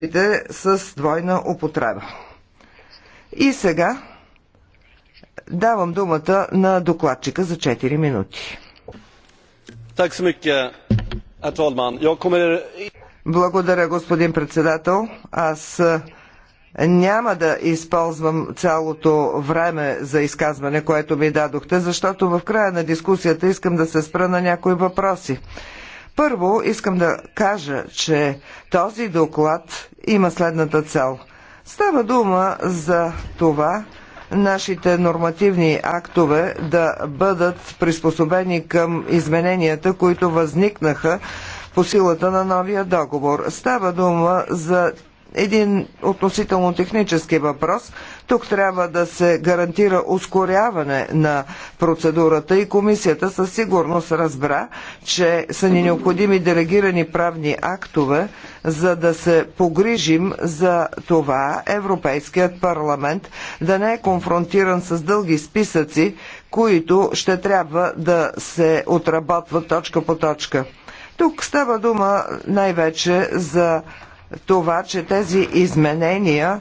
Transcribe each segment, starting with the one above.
продуктите с двойна употреба. И сега давам думата на докладчика за 4 минути. Благодаря, господин председател. Аз няма да използвам цялото време за изказване, което ми дадохте, защото в края на дискусията искам да се спра на някои въпроси. Първо искам да кажа, че този доклад има следната цел. Става дума за това, нашите нормативни актове да бъдат приспособени към измененията, които възникнаха по силата на новия договор. Става дума за един относително технически въпрос. Тук трябва да се гарантира ускоряване на процедурата и комисията със сигурност разбра, че са ни необходими делегирани правни актове, за да се погрижим за това Европейският парламент да не е конфронтиран с дълги списъци, които ще трябва да се отработват точка по точка. Тук става дума най-вече за това, че тези изменения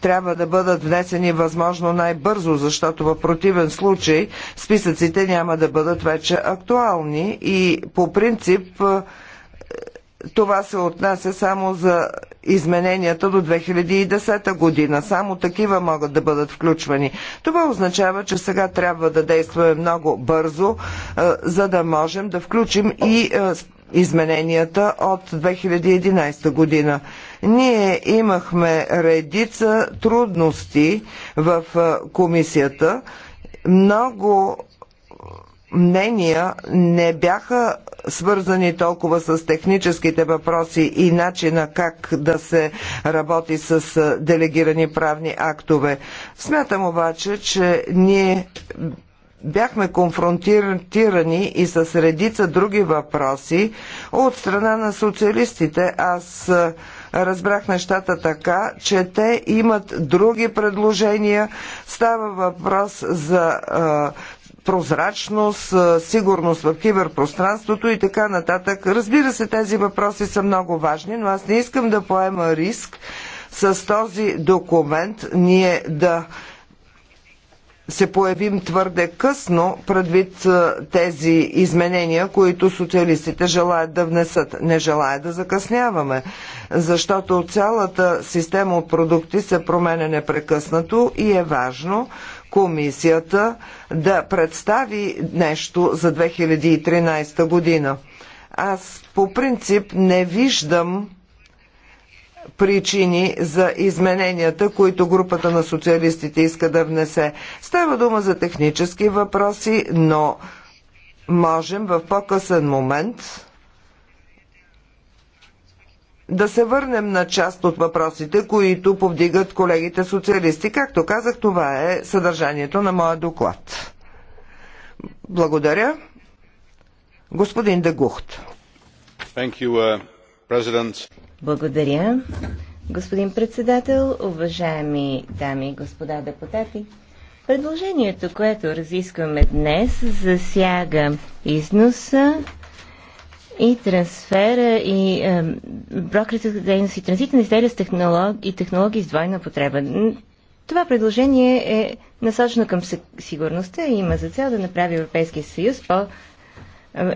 трябва да бъдат внесени възможно най-бързо, защото в противен случай списъците няма да бъдат вече актуални и по принцип е, това се отнася само за измененията до 2010 година. Само такива могат да бъдат включвани. Това означава, че сега трябва да действаме много бързо, е, за да можем да включим и е, измененията от 2011 година. Ние имахме редица трудности в комисията. Много мнения не бяха свързани толкова с техническите въпроси и начина как да се работи с делегирани правни актове. Смятам обаче, че ние бяхме конфронтирани и с редица други въпроси от страна на социалистите. Аз разбрах нещата така, че те имат други предложения. Става въпрос за прозрачност, сигурност в киберпространството и така нататък. Разбира се, тези въпроси са много важни, но аз не искам да поема риск с този документ ние да се появим твърде късно предвид тези изменения, които социалистите желаят да внесат. Не желая да закъсняваме, защото цялата система от продукти се променя непрекъснато и е важно комисията да представи нещо за 2013 година. Аз по принцип не виждам причини за измененията, които групата на социалистите иска да внесе. Става дума за технически въпроси, но можем в по-късен момент да се върнем на част от въпросите, които повдигат колегите социалисти. Както казах, това е съдържанието на моя доклад. Благодаря. Господин Дегухт. Thank you, uh... Благодаря. Господин председател, уважаеми дами и господа депутати, предложението, което разискваме днес, засяга износа и трансфера и е, брокерската дейност и транзита на изделия с технолог, и технологии с двойна потреба. Това предложение е насочено към сигурността и има за цел да направи Европейския съюз по-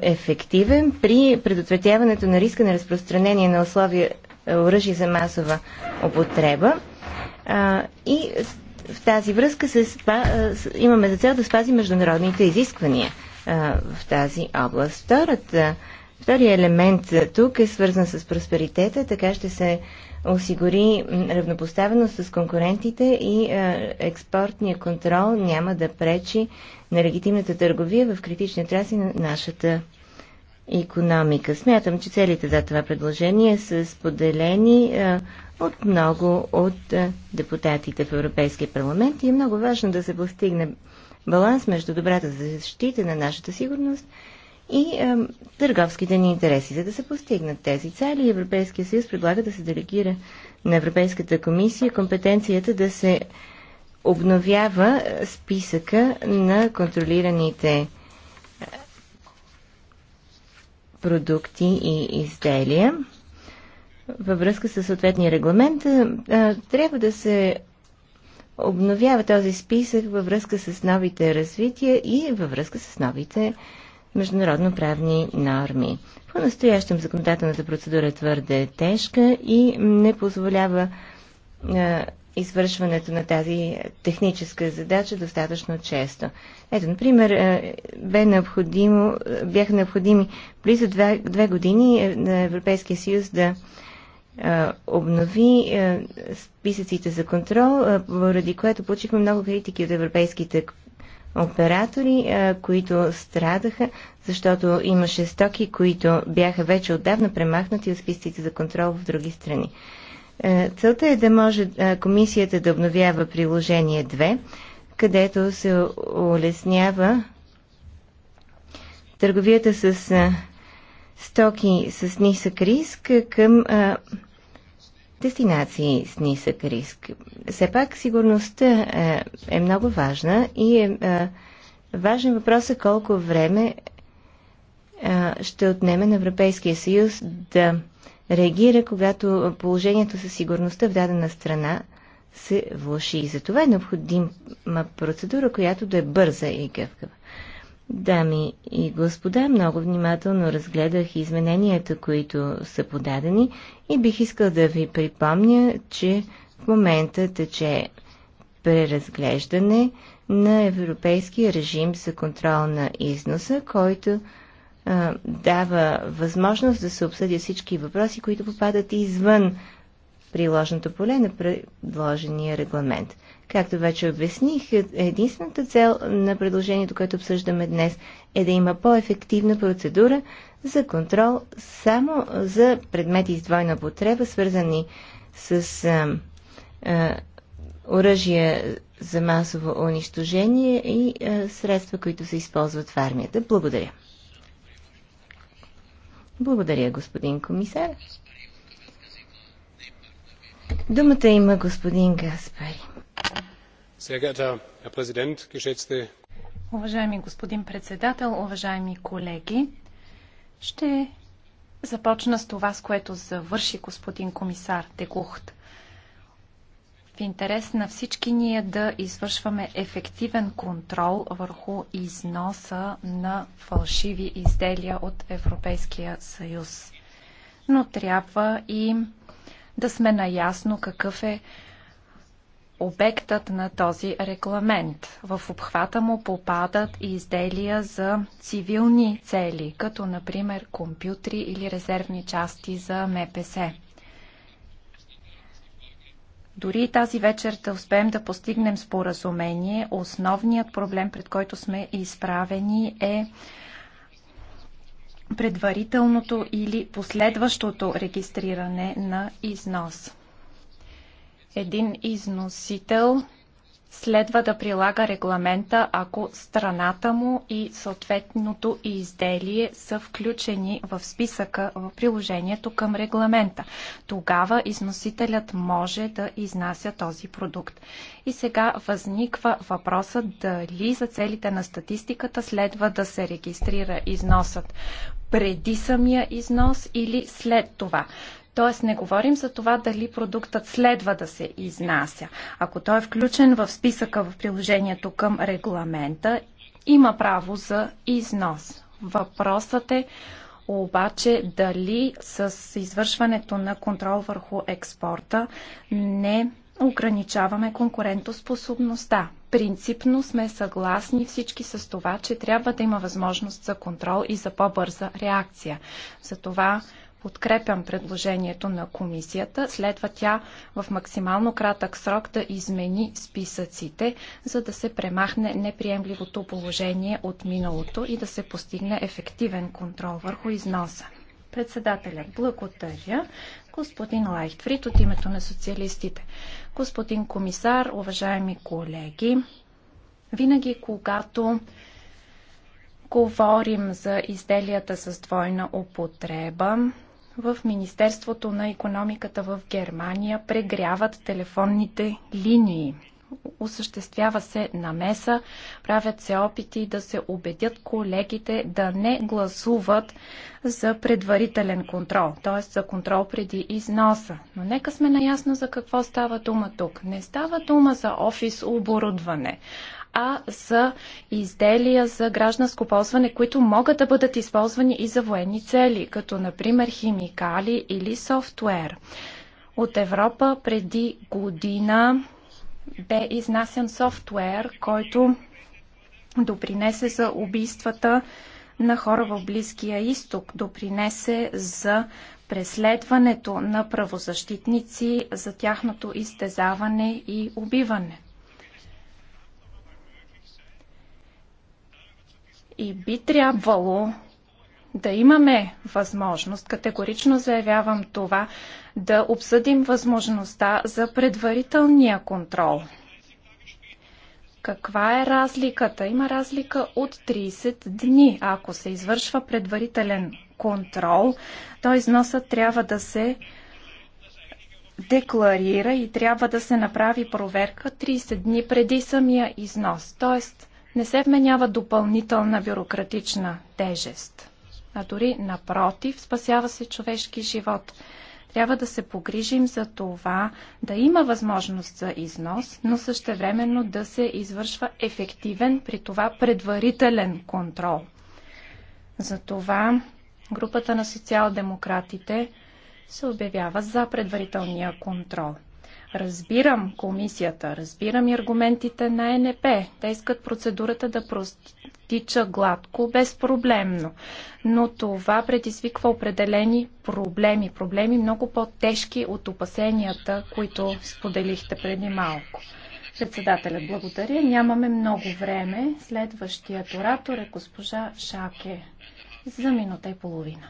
ефективен при предотвратяването на риска на разпространение на условия е, оръжие за масова употреба. А, и в тази връзка се спа, имаме за цел да спазим международните изисквания а, в тази област. Втората, втория елемент тук е свързан с просперитета, така ще се осигури равнопоставеност с конкурентите и е, експортния контрол няма да пречи на легитимната търговия в критични отрасли на нашата економика. Смятам, че целите за това предложение са споделени е, от много от е, депутатите в Европейския парламент и е много важно да се постигне баланс между добрата защита на нашата сигурност и е, търговските ни интереси. За да се постигнат тези цели, Европейския съюз предлага да се делегира на Европейската комисия компетенцията да се обновява е, списъка на контролираните е, продукти и изделия. Във връзка с съответния регламент е, трябва да се обновява този списък във връзка с новите развития и във връзка с новите международно-правни норми. По-настоящем законодателната процедура е твърде тежка и не позволява е, извършването на тази техническа задача достатъчно често. Ето, например, е, бе необходимо, бяха необходими близо две, две години е, на Европейския съюз да обнови списъците за контрол, поради което получихме много критики от европейските оператори, които страдаха, защото имаше стоки, които бяха вече отдавна премахнати от списъците за контрол в други страни. Целта е да може комисията да обновява приложение 2, където се улеснява търговията с стоки с нисък риск към дестинации с нисък риск. Все пак сигурността е, е много важна и е, е важен въпрос е колко време е, ще отнеме на Европейския съюз да реагира, когато положението със сигурността в дадена страна се влуши. И за това е необходима процедура, която да е бърза и гъвкава. Дами и господа, много внимателно разгледах измененията, които са подадени и бих искал да ви припомня, че в момента тече преразглеждане на европейския режим за контрол на износа, който а, дава възможност да се обсъдя всички въпроси, които попадат извън приложното поле на предложения регламент. Както вече обясних, единствената цел на предложението, което обсъждаме днес, е да има по-ефективна процедура за контрол само за предмети с двойна потреба, свързани с а, а, оръжия за масово унищожение и а, средства, които се използват в армията. Благодаря. Благодаря, господин комисар. Думата има господин Гаспари. Уважаеми господин председател, уважаеми колеги, ще започна с това, с което завърши господин комисар Дегухт. В интерес на всички ние да извършваме ефективен контрол върху износа на фалшиви изделия от Европейския съюз. Но трябва и да сме наясно какъв е обектът на този регламент. В обхвата му попадат и изделия за цивилни цели, като например компютри или резервни части за МПС. Дори тази вечер да успеем да постигнем споразумение, основният проблем, пред който сме изправени е предварителното или последващото регистриране на износ един износител следва да прилага регламента, ако страната му и съответното изделие са включени в списъка в приложението към регламента. Тогава износителят може да изнася този продукт. И сега възниква въпросът дали за целите на статистиката следва да се регистрира износът преди самия износ или след това. Тоест не говорим за това дали продуктът следва да се изнася. Ако той е включен в списъка в приложението към регламента, има право за износ. Въпросът е обаче дали с извършването на контрол върху експорта не ограничаваме конкурентоспособността. Принципно сме съгласни всички с това, че трябва да има възможност за контрол и за по-бърза реакция. Затова Подкрепям предложението на комисията. Следва тя в максимално кратък срок да измени списъците, за да се премахне неприемливото положение от миналото и да се постигне ефективен контрол върху износа. Председателя, благодаря. Господин Лайхтфрид от името на социалистите. Господин комисар, уважаеми колеги, винаги когато говорим за изделията с двойна употреба, в Министерството на економиката в Германия прегряват телефонните линии. Осъществява се намеса, правят се опити да се убедят колегите да не гласуват за предварителен контрол, т.е. за контрол преди износа. Но нека сме наясно за какво става дума тук. Не става дума за офис оборудване, а за изделия за гражданско ползване, които могат да бъдат използвани и за военни цели, като например химикали или софтуер. От Европа преди година бе изнасян софтуер, който допринесе за убийствата на хора в Близкия изток, допринесе за преследването на правозащитници, за тяхното изтезаване и убиване. И би трябвало да имаме възможност, категорично заявявам това, да обсъдим възможността за предварителния контрол. Каква е разликата? Има разлика от 30 дни. Ако се извършва предварителен контрол, то износът трябва да се декларира и трябва да се направи проверка 30 дни преди самия износ. Тоест, не се вменява допълнителна бюрократична тежест, а дори напротив, спасява се човешки живот. Трябва да се погрижим за това да има възможност за износ, но същевременно да се извършва ефективен, при това предварителен контрол. Затова групата на социал-демократите се обявява за предварителния контрол – Разбирам комисията, разбирам и аргументите на НП. Те искат процедурата да простича гладко, безпроблемно. Но това предизвиква определени проблеми. Проблеми много по-тежки от опасенията, които споделихте преди малко. Председателят благодаря. Нямаме много време. Следващият оратор е госпожа Шаке за минута и половина.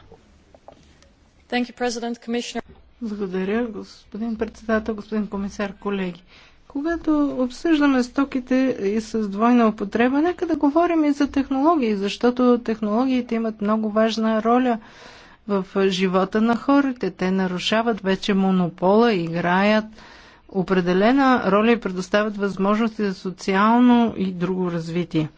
Благодаря, господин председател, господин комисар, колеги. Когато обсъждаме стоките и с двойна употреба, нека да говорим и за технологии, защото технологиите имат много важна роля в живота на хората. Те нарушават вече монопола, играят определена роля и предоставят възможности за социално и друго развитие.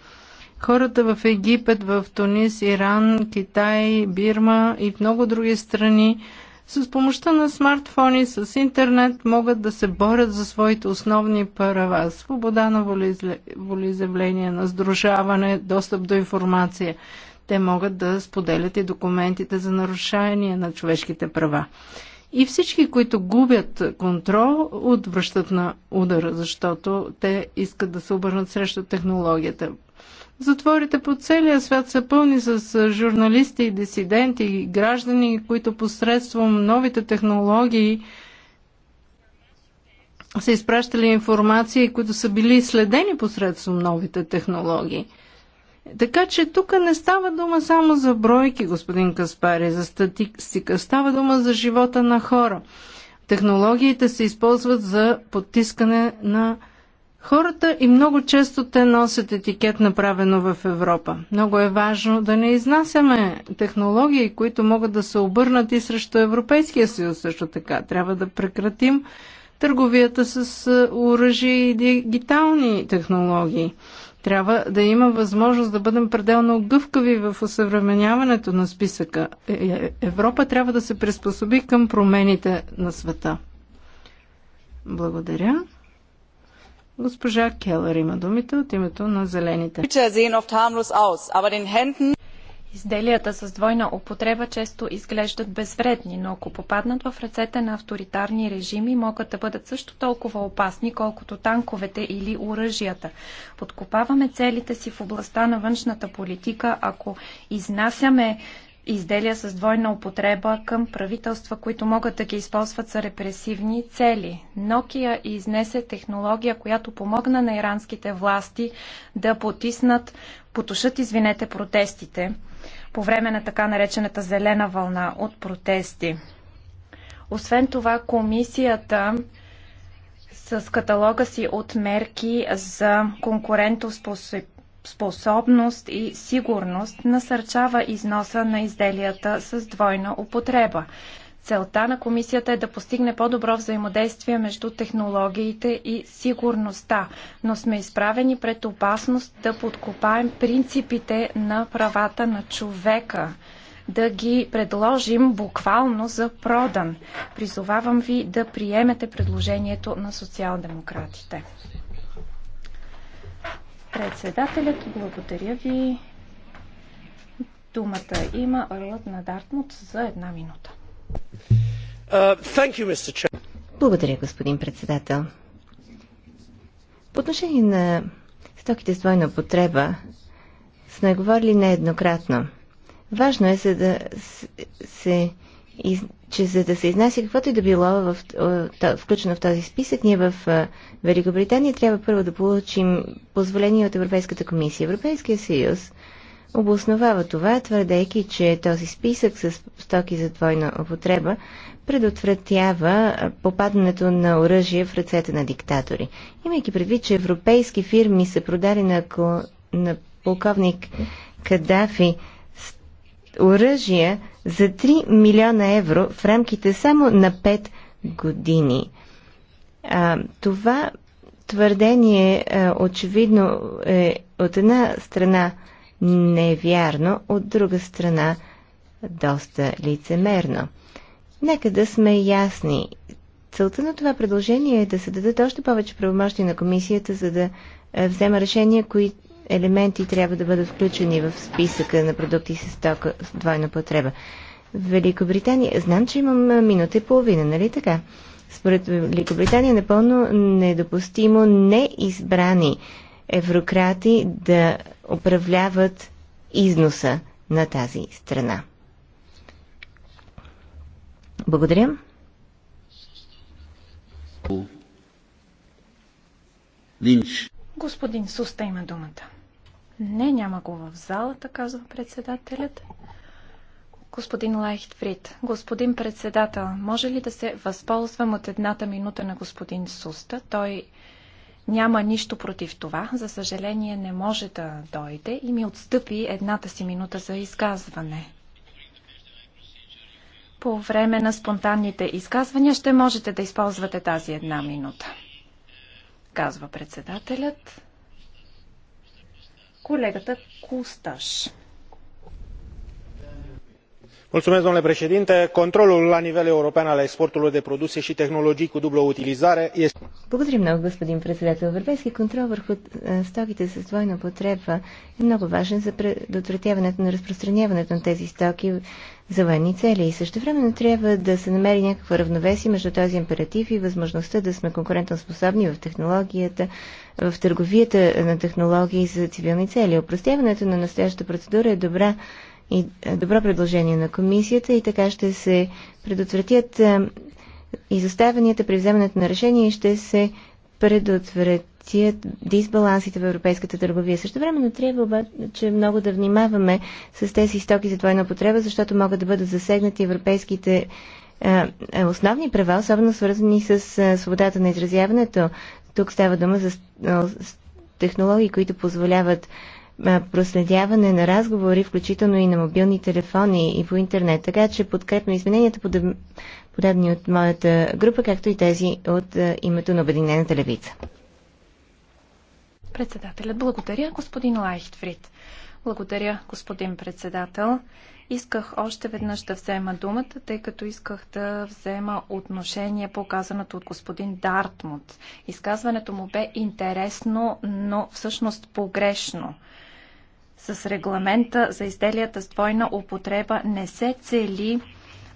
Хората в Египет, в Тунис, Иран, Китай, Бирма и в много други страни с помощта на смартфони, с интернет могат да се борят за своите основни права. Свобода на волеизявление, на сдружаване, достъп до информация. Те могат да споделят и документите за нарушение на човешките права. И всички, които губят контрол, отвръщат на удара, защото те искат да се обърнат срещу технологията. Затворите по целия свят са пълни с журналисти, дисиденти и граждани, които посредством новите технологии са изпращали информации, които са били следени посредством новите технологии. Така че тук не става дума само за бройки, господин Каспари, за статистика. Става дума за живота на хора. Технологиите се използват за потискане на хората и много често те носят етикет направено в Европа. Много е важно да не изнасяме технологии, които могат да се обърнат и срещу Европейския съюз също така. Трябва да прекратим търговията с е, оръжие и дигитални технологии. Трябва да има възможност да бъдем пределно гъвкави в осъвременяването на списъка. Е, е, Европа трябва да се приспособи към промените на света. Благодаря. Госпожа Келър има думите от името на зелените. Изделията с двойна употреба често изглеждат безвредни, но ако попаднат в ръцете на авторитарни режими, могат да бъдат също толкова опасни, колкото танковете или оръжията. Подкопаваме целите си в областта на външната политика, ако изнасяме изделия с двойна употреба към правителства, които могат да ги използват за репресивни цели. Nokia изнесе технология, която помогна на иранските власти да потиснат, потушат, извинете, протестите по време на така наречената зелена вълна от протести. Освен това, комисията с каталога си от мерки за конкурентоспособност способност и сигурност насърчава износа на изделията с двойна употреба. Целта на комисията е да постигне по-добро взаимодействие между технологиите и сигурността, но сме изправени пред опасност да подкопаем принципите на правата на човека, да ги предложим буквално за продан. Призовавам ви да приемете предложението на социал-демократите. Председателят, благодаря ви. Думата има Орлът на Дартмут за една минута. Uh, you, благодаря, господин председател. По отношение на стоките с двойна потреба, сме говорили нееднократно. Важно е за да се и, че за да се изнася каквото и да било в, включено в този списък, ние в Великобритания трябва първо да получим позволение от Европейската комисия. Европейския съюз обосновава това, твърдейки, че този списък с стоки за двойна употреба предотвратява попадането на оръжие в ръцете на диктатори. Имайки предвид, че европейски фирми са продали на, на полковник Кадафи оръжия за 3 милиона евро в рамките само на 5 години. А, това твърдение а, очевидно е от една страна невярно, от друга страна доста лицемерно. Нека да сме ясни. Целта на това предложение е да се дадат още повече правомощи на комисията, за да взема решения, които елементи трябва да бъдат включени в списъка на продукти с стока с двойна потреба. Великобритания, знам, че имам минута и половина, нали така? Според Великобритания е напълно недопустимо неизбрани еврократи да управляват износа на тази страна. Благодаря. Господин Суста има думата. Не, няма го в залата, казва председателят. Господин Лайхтфрид, господин председател, може ли да се възползвам от едната минута на господин Суста? Той няма нищо против това. За съжаление не може да дойде и ми отстъпи едната си минута за изказване. По време на спонтанните изказвания ще можете да използвате тази една минута, казва председателят колегата Кусташ контролul la nivel european al експортului de продукти и технологии cu dublă utilizare este... Благодаря много, господин председател. Европейски контрол върху е, стоките с двойна употреба е много важен за предотвратяването на разпространяването на тези стоки за военни цели. И също времено трябва да се намери някакво равновесие между този императив и възможността да сме конкурентоспособни в технологията, в търговията на технологии за цивилни цели. Опростяването на настоящата процедура е добра и е, добро предложение на комисията и така ще се предотвратят е, изоставянията при вземането на решение и ще се предотвратят дисбалансите в европейската търговия. Също време не трябва обаче много да внимаваме с тези стоки за двойна потреба, защото могат да бъдат засегнати европейските е, основни права, особено свързани с свободата на изразяването. Тук става дума за технологии, които позволяват проследяване на разговори, включително и на мобилни телефони и по интернет. Така че подкрепям измененията, подобни от моята група, както и тези от името на Обединената левица. Председателят, благодаря, господин Лайхтфрид. Благодаря, господин председател. Исках още веднъж да взема думата, тъй като исках да взема отношение по казаното от господин Дартмут. Изказването му бе интересно, но всъщност погрешно. С регламента за изделията с двойна употреба не се цели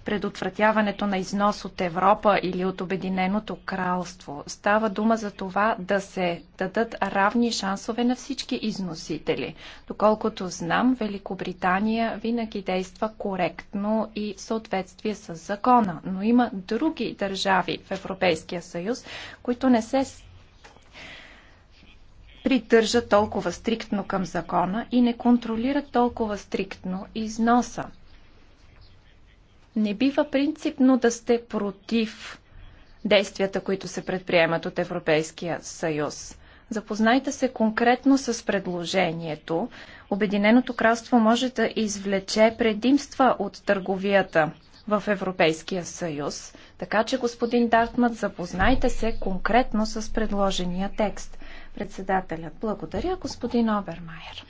предотвратяването на износ от Европа или от Обединеното кралство. Става дума за това да се дадат равни шансове на всички износители. Доколкото знам, Великобритания винаги действа коректно и в съответствие с закона, но има други държави в Европейския съюз, които не се Придържа толкова стриктно към закона и не контролират толкова стриктно износа. Не бива принципно да сте против действията, които се предприемат от Европейския съюз. Запознайте се конкретно с предложението. Обединеното кралство може да извлече предимства от търговията в Европейския съюз. Така че, господин Дартмът, запознайте се конкретно с предложения текст. Председателят. Благодаря, господин Обермайер.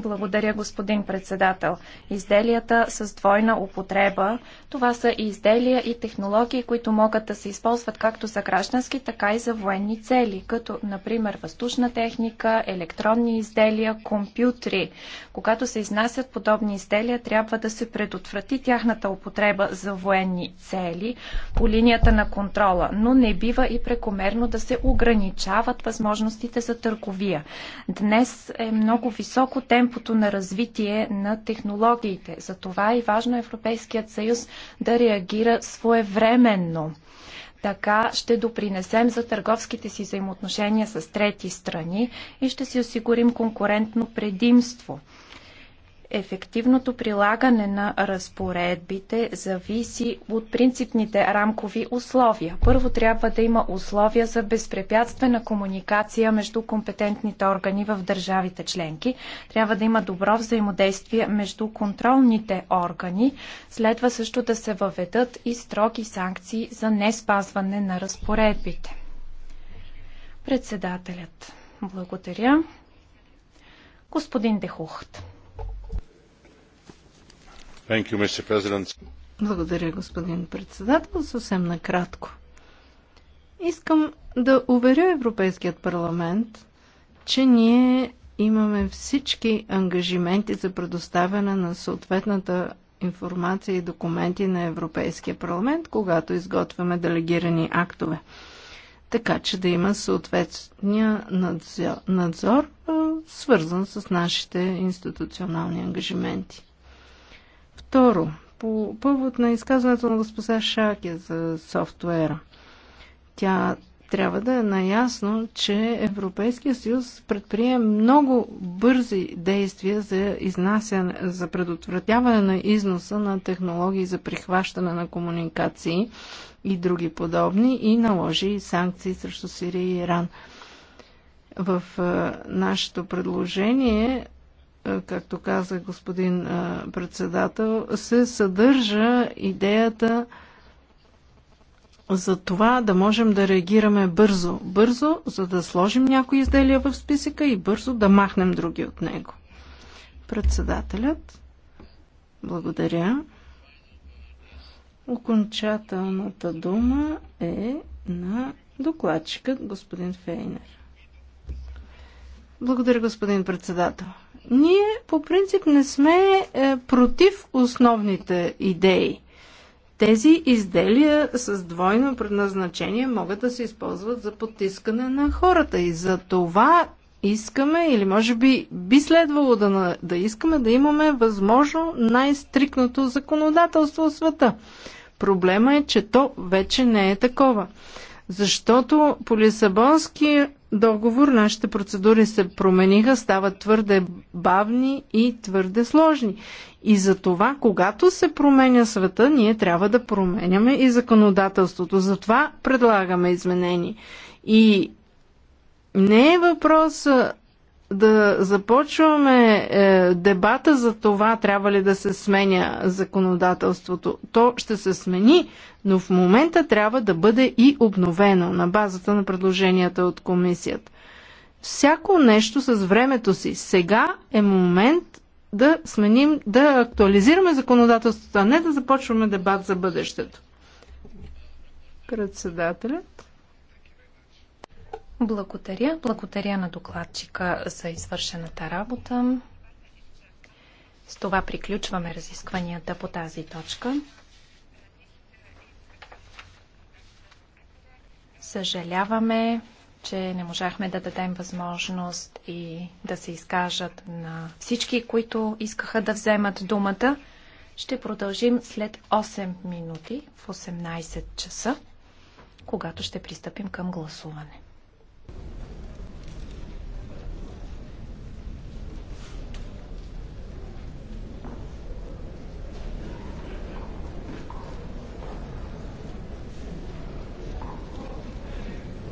Благодаря, господин председател. Изделията с двойна употреба, това са и изделия и технологии, които могат да се използват както за граждански, така и за военни цели, като например въздушна техника, електронни изделия, компютри. Когато се изнасят подобни изделия, трябва да се предотврати тяхната употреба за военни цели по линията на контрола, но не бива и прекомерно да се ограничават възможностите за търговия. Днес е много високо темп темпото на развитие на технологиите. Затова е важно Европейският съюз да реагира своевременно. Така ще допринесем за търговските си взаимоотношения с трети страни и ще си осигурим конкурентно предимство. Ефективното прилагане на разпоредбите зависи от принципните рамкови условия. Първо трябва да има условия за безпрепятствена комуникация между компетентните органи в държавите членки. Трябва да има добро взаимодействие между контролните органи. Следва също да се въведат и строги санкции за не спазване на разпоредбите. Председателят. Благодаря. Господин Дехухт. Благодаря, господин председател. Съвсем накратко. Искам да уверя Европейският парламент, че ние имаме всички ангажименти за предоставяне на съответната информация и документи на Европейския парламент, когато изготвяме делегирани актове. Така че да има съответния надзор свързан с нашите институционални ангажименти. Второ, по повод на изказването на госпоза Шаке за софтуера. Тя трябва да е наясно, че Европейския съюз предприе много бързи действия за, изнасяне, за предотвратяване на износа на технологии за прихващане на комуникации и други подобни и наложи санкции срещу Сирия и Иран. В е, нашето предложение е, както каза господин е, председател, се съдържа идеята за това да можем да реагираме бързо. Бързо, за да сложим някои изделия в списъка и бързо да махнем други от него. Председателят, благодаря. Окончателната дума е на докладчика господин Фейнер. Благодаря, господин председател. Ние по принцип не сме е, против основните идеи. Тези изделия с двойно предназначение могат да се използват за потискане на хората и за това искаме или може би би следвало да, да искаме да имаме възможно най-стрикното законодателство в света. Проблема е, че то вече не е такова. Защото по Лисабонския договор, нашите процедури се промениха, стават твърде бавни и твърде сложни. И за това, когато се променя света, ние трябва да променяме и законодателството. Затова предлагаме изменения. И не е въпрос да започваме е, дебата за това, трябва ли да се сменя законодателството. То ще се смени, но в момента трябва да бъде и обновено на базата на предложенията от комисията. Всяко нещо с времето си. Сега е момент да сменим, да актуализираме законодателството, а не да започваме дебат за бъдещето. Председателят. Благодаря. Благодаря на докладчика за извършената работа. С това приключваме разискванията по тази точка. Съжаляваме, че не можахме да дадем възможност и да се изкажат на всички, които искаха да вземат думата. Ще продължим след 8 минути в 18 часа, когато ще пристъпим към гласуване.